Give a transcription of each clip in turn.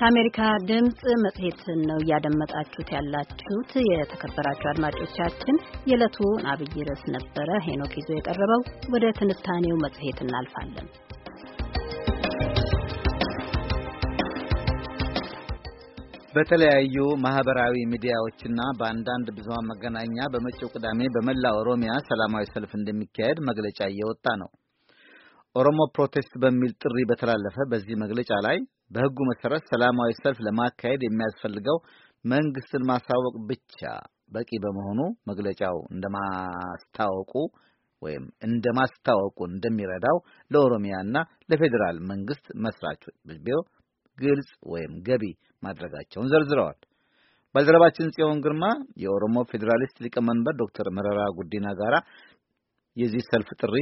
ከአሜሪካ ድምፅ መጽሔትን ነው እያደመጣችሁት ያላችሁት። የተከበራችሁ አድማጮቻችን የዕለቱን አብይ ርዕስ ነበረ ሄኖክ ይዞ የቀረበው። ወደ ትንታኔው መጽሔት እናልፋለን። በተለያዩ ማህበራዊ ሚዲያዎችና በአንዳንድ ብዙሃን መገናኛ በመጪው ቅዳሜ በመላ ኦሮሚያ ሰላማዊ ሰልፍ እንደሚካሄድ መግለጫ እየወጣ ነው። ኦሮሞ ፕሮቴስት በሚል ጥሪ በተላለፈ በዚህ መግለጫ ላይ በሕጉ መሠረት ሰላማዊ ሰልፍ ለማካሄድ የሚያስፈልገው መንግስትን ማሳወቅ ብቻ በቂ በመሆኑ መግለጫው እንደማስታወቁ ወይም እንደማስታወቁ እንደሚረዳው ለኦሮሚያና ለፌዴራል መንግስት መስራች ቢሮ ግልጽ ወይም ገቢ ማድረጋቸውን ዘርዝረዋል። ባልደረባችን ጽዮን ግርማ የኦሮሞ ፌዴራሊስት ሊቀመንበር ዶክተር መረራ ጉዲና ጋራ የዚህ ሰልፍ ጥሪ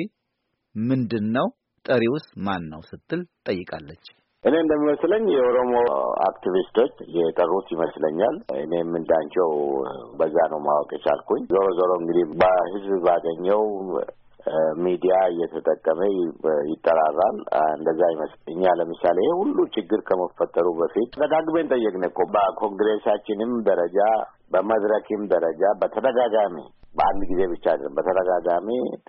ምንድን ነው? ጠሪውስ ማን ነው ስትል ጠይቃለች። እኔ እንደሚመስለኝ የኦሮሞ አክቲቪስቶች የጠሩት ይመስለኛል። እኔም እንዳንቸው በዛ ነው ማወቅ የቻልኩኝ። ዞሮ ዞሮ እንግዲህ በህዝብ ባገኘው ሚዲያ እየተጠቀመ ይጠራራል። እንደዛ ይመስል እኛ ለምሳሌ ይህ ሁሉ ችግር ከመፈጠሩ በፊት ተደጋግመን ጠየቅን እኮ በኮንግሬሳችንም ደረጃ በመድረክም ደረጃ በተደጋጋሚ በአንድ ጊዜ ብቻ አይደለም፣ በተደጋጋሚ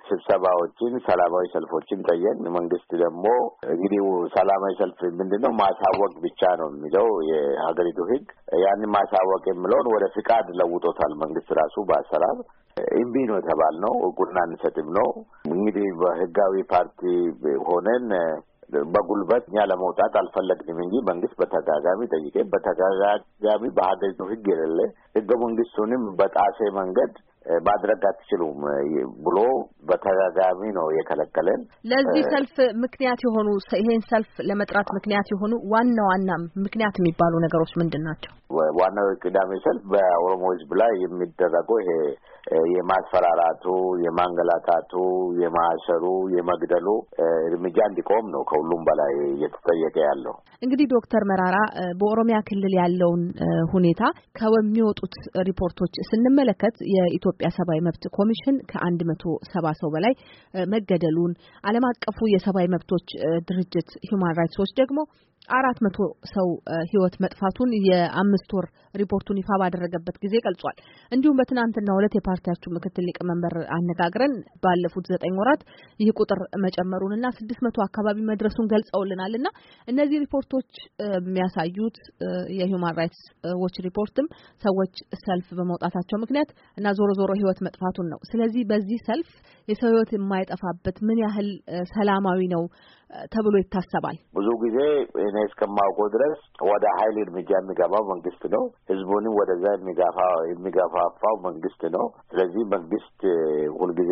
ስብሰባዎችን፣ ሰላማዊ ሰልፎችን ጠየቅ። መንግስት ደግሞ እንግዲህ ሰላማዊ ሰልፍ ምንድን ነው ማሳወቅ ብቻ ነው የሚለው የሀገሪቱ ህግ ያንን ማሳወቅ የሚለውን ወደ ፍቃድ ለውጦታል መንግስት ራሱ በአሰራር እምቢ ነው ነው እውቅና አንሰጥም ነው እንግዲህ በህጋዊ ፓርቲ ሆነን በጉልበት እኛ ለመውጣት አልፈለግንም እንጂ መንግስት በተጋጋሚ ጠይቄ በተጋጋሚ በሀገሪቱ ህግ የሌለ ህገ መንግስቱንም በጣሴ መንገድ ማድረግ አትችሉም ብሎ በተደጋጋሚ ነው የከለከለን። ለዚህ ሰልፍ ምክንያት የሆኑ ይሄን ሰልፍ ለመጥራት ምክንያት የሆኑ ዋና ዋና ምክንያት የሚባሉ ነገሮች ምንድን ናቸው? ዋናው የቅዳሜ ሰልፍ በኦሮሞ ሕዝብ ላይ የሚደረገው ይሄ የማስፈራራቱ፣ የማንገላታቱ፣ የማሰሩ፣ የመግደሉ እርምጃ እንዲቆም ነው ከሁሉም በላይ እየተጠየቀ ያለው። እንግዲህ ዶክተር መራራ በኦሮሚያ ክልል ያለውን ሁኔታ ከሚወጡት ሪፖርቶች ስንመለከት የኢትዮጵያ ሰብአዊ መብት ኮሚሽን ከአንድ መቶ ሰባ ሰው በላይ መገደሉን ዓለም አቀፉ የሰብአዊ መብቶች ድርጅት ሂውማን ራይትስ ዎች ደግሞ አራት መቶ ሰው ህይወት መጥፋቱን የአምስት ወር ሪፖርቱን ይፋ ባደረገበት ጊዜ ገልጿል። እንዲሁም በትናንትና ሁለት የፓርቲያችሁ ምክትል ሊቀመንበር አነጋግረን ባለፉት ዘጠኝ ወራት ይህ ቁጥር መጨመሩንና ስድስት መቶ አካባቢ መድረሱን ገልጸውልናል እና እነዚህ ሪፖርቶች የሚያሳዩት የሁማን ራይትስ ዎች ሪፖርትም ሰዎች ሰልፍ በመውጣታቸው ምክንያት እና ዞሮ ዞሮ ህይወት መጥፋቱን ነው። ስለዚህ በዚህ ሰልፍ የሰው ህይወት የማይጠፋበት ምን ያህል ሰላማዊ ነው ተብሎ ይታሰባል? ብዙ ጊዜ እኔ እስከማውቀው ድረስ ወደ ሀይል እርምጃ የሚገባው መንግስት ነው። ህዝቡንም ወደዛ የሚገፋፋው መንግስት ነው። ስለዚህ መንግስት ሁልጊዜ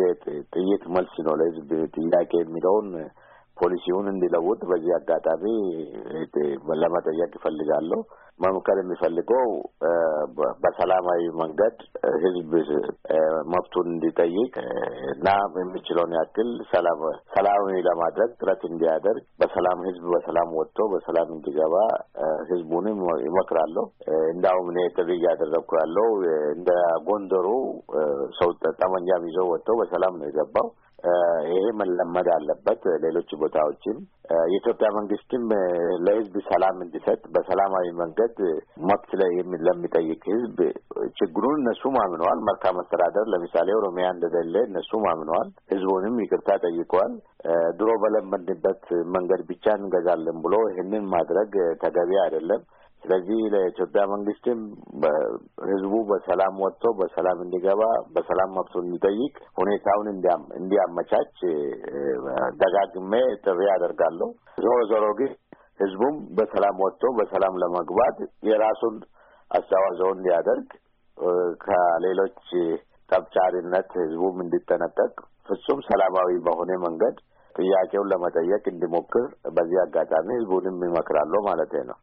ጥይት መልስ ነው ለህዝብ ጥያቄ የሚለውን ፖሊሲውን እንዲለውጥ በዚህ አጋጣሚ ለመጠየቅ ይፈልጋለሁ። መምከር የሚፈልገው በሰላማዊ መንገድ ህዝብ መብቱን እንዲጠይቅ እና የሚችለውን ያክል ሰላማዊ ለማድረግ ጥረት እንዲያደርግ በሰላም ህዝብ በሰላም ወጥቶ በሰላም እንዲገባ ህዝቡን ይመክራለሁ። እንዳውም እኔ ጥሪ እያደረግኩ ያለው እንደ ጎንደሩ ሰው ጠመንጃም ይዘው ወጥቶ በሰላም ነው የገባው። ይሄ መለመድ አለበት። ሌሎች ቦታዎችም የኢትዮጵያ መንግስትም ለህዝብ ሰላም እንዲሰጥ በሰላማዊ መንገድ መብት ለሚጠይቅ ህዝብ ችግሩን እነሱም አምነዋል። መልካም አስተዳደር ለምሳሌ ኦሮሚያ እንደሌለ እነሱም አምነዋል። ህዝቡንም ይቅርታ ጠይቀዋል። ድሮ በለመድንበት መንገድ ብቻ እንገዛለን ብሎ ይህንን ማድረግ ተገቢ አይደለም። ስለዚህ ለኢትዮጵያ መንግስትም ህዝቡ በሰላም ወጥቶ በሰላም እንዲገባ በሰላም መብቱ እንዲጠይቅ ሁኔታውን እንዲያመቻች ደጋግሜ ጥሪ አደርጋለሁ። ዞሮ ዞሮ ግን ህዝቡም በሰላም ወጥቶ በሰላም ለመግባት የራሱን አስተዋጽኦ እንዲያደርግ ከሌሎች ጠብጫሪነት ህዝቡም እንዲጠነቀቅ ፍጹም ሰላማዊ በሆነ መንገድ ጥያቄውን ለመጠየቅ እንዲሞክር በዚህ አጋጣሚ ህዝቡንም ይመክራለሁ ማለት ነው።